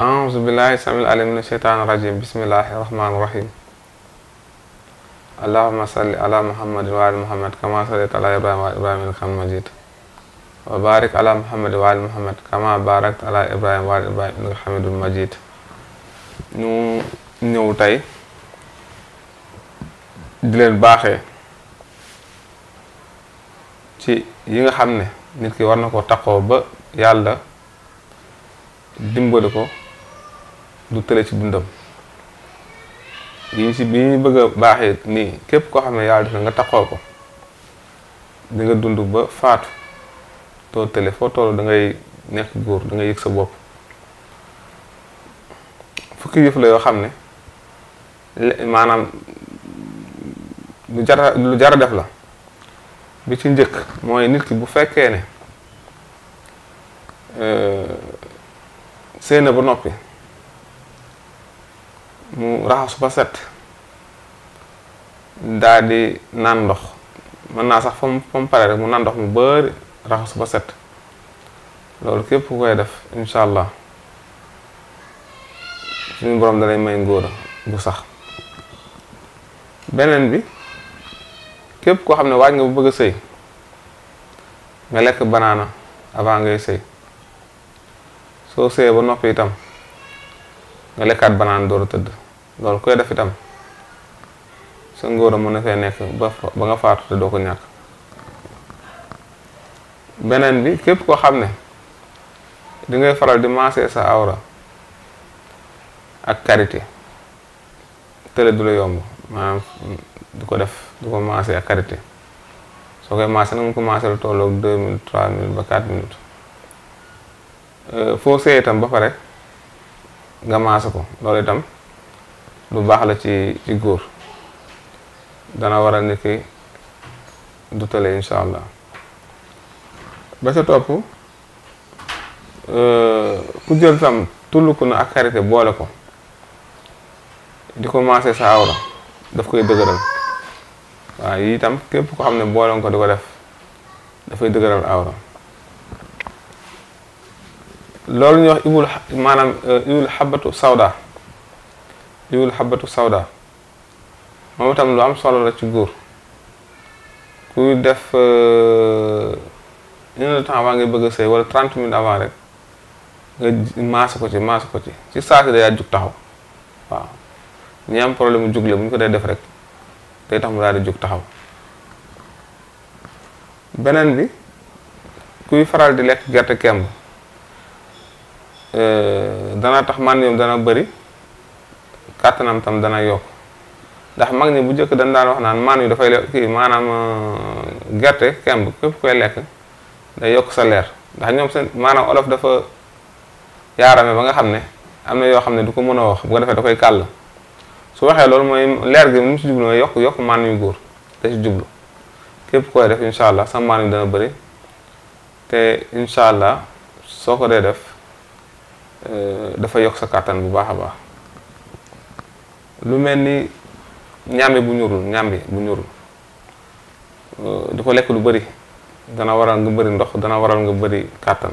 أعوذ بالله سمع العليم من الشيطان الرجيم بسم الله الرحمن الرحيم اللهم صل على محمد وعلى محمد كما صليت على إبراهيم وعلى إبراهيم إنك مجيد وبارك على محمد وعلى محمد كما باركت على إبراهيم وعلى إبراهيم إنك حميد مجيد نو ñëw تاي di leen تي ci yi nga xam ne nit ki war na du télé ci dundam yi ci bi ñu bëgg a baaxee nii képp koo xam ne yàlla def na nga taxoo ko di nga dund ba faatu too télé foo toll da ngay nekk góor da ngay yëg sa bopp fukki yëf la yoo xam ne maanaam lu jara lu jara def la bi ci njëkk mooy nit ki bu fekkee ne euh, sëy na ba noppi mu raxasu ba set daal di naan ndox mën naa sax fa mu fa mu pare rek mu naan ndox mu bari raxasu ba set loolu képp ku koy def incha allah suñu borom dalay may ngóora bu sax beneen bi képp koo xam ne waaj nga bu bëgg a sëy nga lekk banaana avant ngay sëy soo sëyee ba noppi itam nga lekkaat banaan door a tëdd lol koy ya, def itam sa ngoro mo na fe nek ba ba nga faatu te doo ko ñàkk beneen bi kep ko xamne di ngay faral di masser sa aura ak karité tele du la yomb manam diko def diko masser ak karité so koy masser nag ko masser tolo 2000 3000 minutes trois minutes ba quatre minutes euh, foo see itam ba pare nga masser ko lolé tam lu baax la ci ci góor dana waral nit ki du tële insha allah ba ca topp euh, ku jël tam tullu na ak karité boole ko di ko maase sa awra daf koy dëgëral waaw yii tam képp ko xam ne boole di ko def dafay dëgëral awra loolu ñuy wax ibul maanaam euh, ibul xabatu sawda yiwul xabatu sawda moom itam lu am solo la ci góor kuy def euh, une heure de temps avant bëgg a sëy wala trente minutes rek nga maas ko ci maas ko ci ci saa si day jug taxaw waaw ñi am problème mu jug la ñu ko dee def rek day tax mu daal di jug taxaw beneen bi kuy faral di lekk gerte kemb euh, dana tax man yoom dana bari kàttanam tam dana yokk ndax mag ñi bu njëkk dan daan wax naan maan yu dafay kii maanaam euh, gerte kemb képp koy lekk day yokk sa leer ndax ñoom seen maanaam olof dafa yaarame ba nga xam ne am na yoo xam ne du ko mën a wax bu ko defee da koy kàll su waxee loolu mooy leer gi mu si jublu mooy yokk yokk maan yu góor da si jublu képp koy def incha allah sa maan yu dana bëri te incha allah soo ko dee def euh, dafa yokk sa kàttan bu baax a baax lu mel ni ñàmbi bu ñurul ñàmbi bu ñurul euh, di ko lekk lu bëri dana waral nga bëri ndox dana waral nga bëri kàttan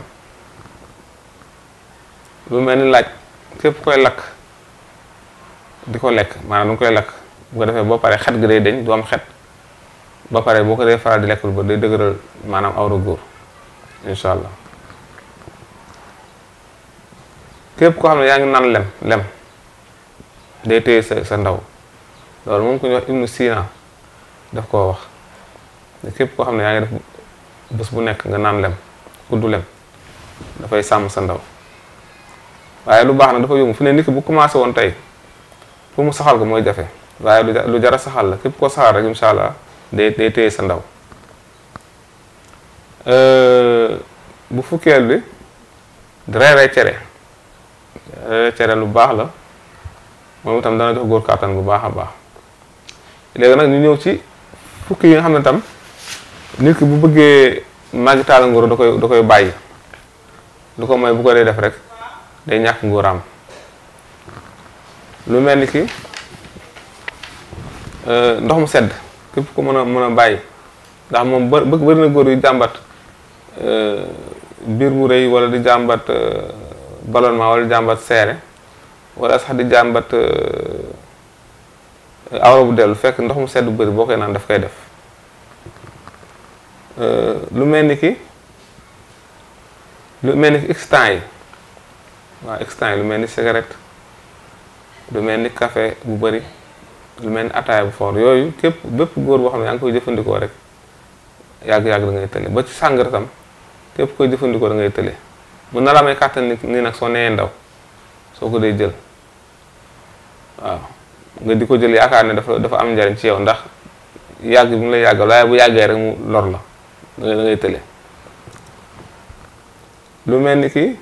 lu mel ni laaj képp koy lakk di ko lekk maanaam du nga koy lakk bu ko defee boo paree xet gi day deñ du ba pare boo ko dee faral di lekk lu bëri day dëgëral maanaam awra góor incha allah képp koo xam ne yaa ngi naan lem lem day téye sa sa ndaw loolu moom ku ñuy wax Ibnu Sina daf koo wax képp koo xam ne yaa ngi def bés bu nekk nga naan lem kuddu lem dafay sàmm sa ndaw waaye lu baax na dafa yomb fu ne nit bu commencé woon tey pour mu saxal ko mooy jafe waaye lu jara saxal la képp koo saxal rek incha allah day day téye sa ndaw bu fukkeel bi reere cere cere lu baax la moom tam dana jox góor kàttan bu baax a baax léegi nag ñu ñëw ci fukki yi nga xam ne tam nit ki bu bëggee màggi taal ngóor da koy da koy bàyyi lu ko may bu ko dee def rek day ñàkk ngóoraam lu mel ni ki euh, ndox mu sedd képp ko mën a mën a bàyyi ndax moom bë bëri na góor yu jàmbat euh, biir bu rëy wala di jàmbat euh, ballonnement wala jàmbat seere wala sax di jàmbat awra bu dellu fekk ndox mu sedd bëri boo koy naan daf koy def lu mel ni ki lu mel ni extant yi waaw extant yi lu mel ni cigarette lu mel ni café bu bëri lu mel ni ataaya bu fort yooyu képp bépp góor boo xam ne yaa ngi koy jëfandikoo rek yàgg-yàgg da ngay tële ba ci sàngara tam képp koy jëfandikoo da ngay tële mën na la may kàttan ni nag soo nee ndaw soo ko dee jël waaw nga di ko jël yaakaar ne dafa dafa am njariñ ci yow ndax yàgg bi mu lay yàggal waaye bu yàggee rek mu lor la da tële lu mel ni ki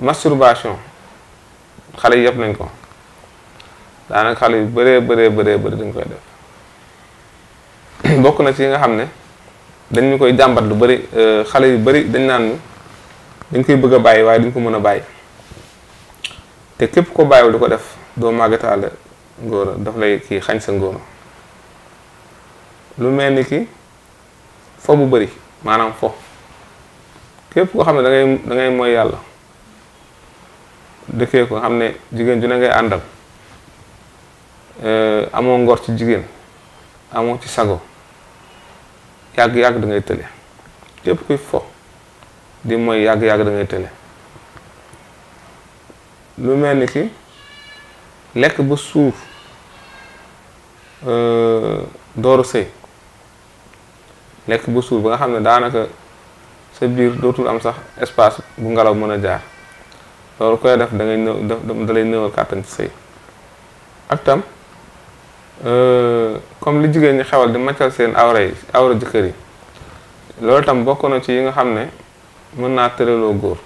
masturbation xale yi yëpp nañ ko daanaka xale yu bëree bëree bëree bëri dañ koy def bokk na ci yi nga xam ne dañ koy jàmbat lu bëri euh, xale yu bari dañ naan dañ koy bëgg a bàyyi waaye dañ ko mën a bàyyi te képp ko bàyyiwul di ko def doo màggataale ngóora daf lay kii xañ sa ngóora lu mel ni ki fo bu bëri maanaam fo képp koo xam ne da ngay mooy yàlla dëkkee ko xam ne jigéen ju ne ngay àndal eh, amoo ngor ci jigéen amoo ci sago yàgg-yàgg da ngay tële képp kuy fo di mooy yàgg-yàgg da ngay tële lu mel ni ki lekk ba suuf euh, dooru sëy lekk ba suuf ba nga xam ne daanaka sa biir dootul am sax espace bu ngelaw mën a jaar loolu koy def da ngay nëw da lay nëwal kàttan ci sëy ak tam euh, comme lu jigéen ñi xewal di màccal seen awra yi awra jëkkër yi loolu tam bokk na ci yi nga xam ne mën naa tëraloo góor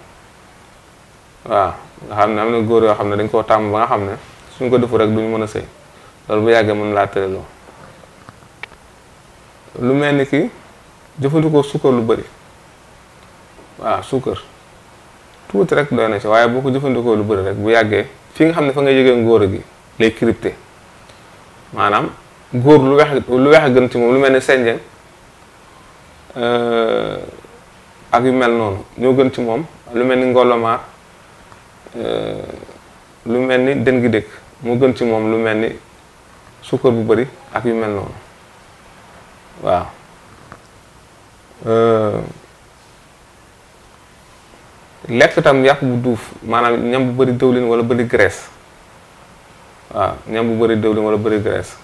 waaw nga xam ne am na góor yoo xam ne dañ koo tàmm ba nga xam ne suñ ko defu rek duñu mën a sëy loolu bu yàggee mën laa tëraloo lu mel ni ki jëfandikoo suukar lu bari waaw suukar tuuti rek doy na ci waaye boo ko jëfandikoo lu bari rek bu yàggee fi nga xam ne fa ngay yëgee ngóor gi lay crypté maanaam góor lu weex lu weex a gën ci moom lu mel ni senjeng euh, ak yu mel noonu ñoo gën ci moom lu mel ni ngolomaar Euh, lu melni den gi dekk mo gën ci mom lu melni sukkar bu bari ak yu mel non waaw euh, lek tam yak bu duuf manam ñam bu bari dewlin wala bari graisse waaw ñam bu bari dewlin wala bari graisse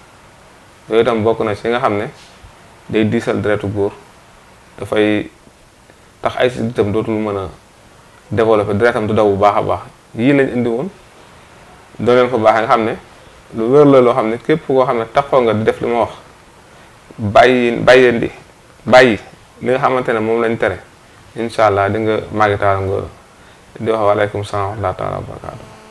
yooyu tam bokk na ci nga xamne ne day diisal deretu da fay tax ay sitam dootul mëna développer deretam du daw bu baaxa baax yii lañ indi woon doo leen ko baax nga xam ne lu wér la loo xam ne képp koo xam ne taxoo nga di def li ma wax bàyyi bàyyeen di bàyyi li nga xamante ne moom lañ tere incha allah di nga màggitaal nga di wax waaleykum salaam wa rahmatulah wa barakaatu